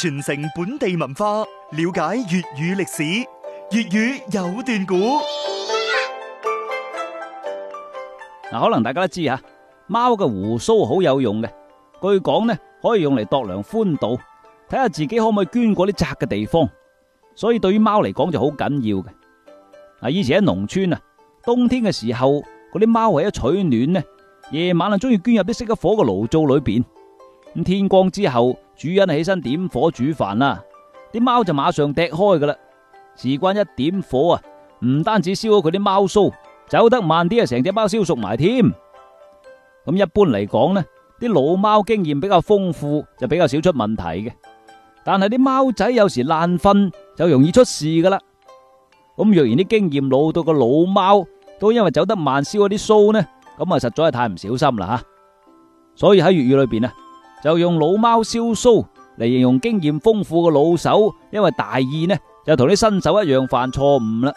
傳承本地文化，了解粵語歷史，粵語有段古。嗱，可能大家都知吓，貓嘅鬍鬚好有用嘅，據講咧可以用嚟度量寬度，睇下自己可唔可以捐過啲窄嘅地方，所以對於貓嚟講就好緊要嘅。嗱，以前喺農村啊，冬天嘅時候嗰啲貓為咗取暖咧，夜晚啊中意捐入啲熄咗火嘅爐灶裏邊。咁天光之後，主人起身點火煮飯啦，啲貓就馬上趯開噶啦。事關一點火啊，唔單止燒咗佢啲貓鬚，走得慢啲啊，成隻貓燒熟埋添。咁一般嚟講呢，啲老貓經驗比較豐富，就比較少出問題嘅。但係啲貓仔有時爛瞓，就容易出事噶啦。咁若然啲經驗老到個老貓都因為走得慢燒咗啲鬚呢，咁啊實在係太唔小心啦吓。所以喺粵語裏邊啊。就用老貓燒鬚嚟形容經驗豐富嘅老手，因為大意呢，就同啲新手一樣犯錯誤啦。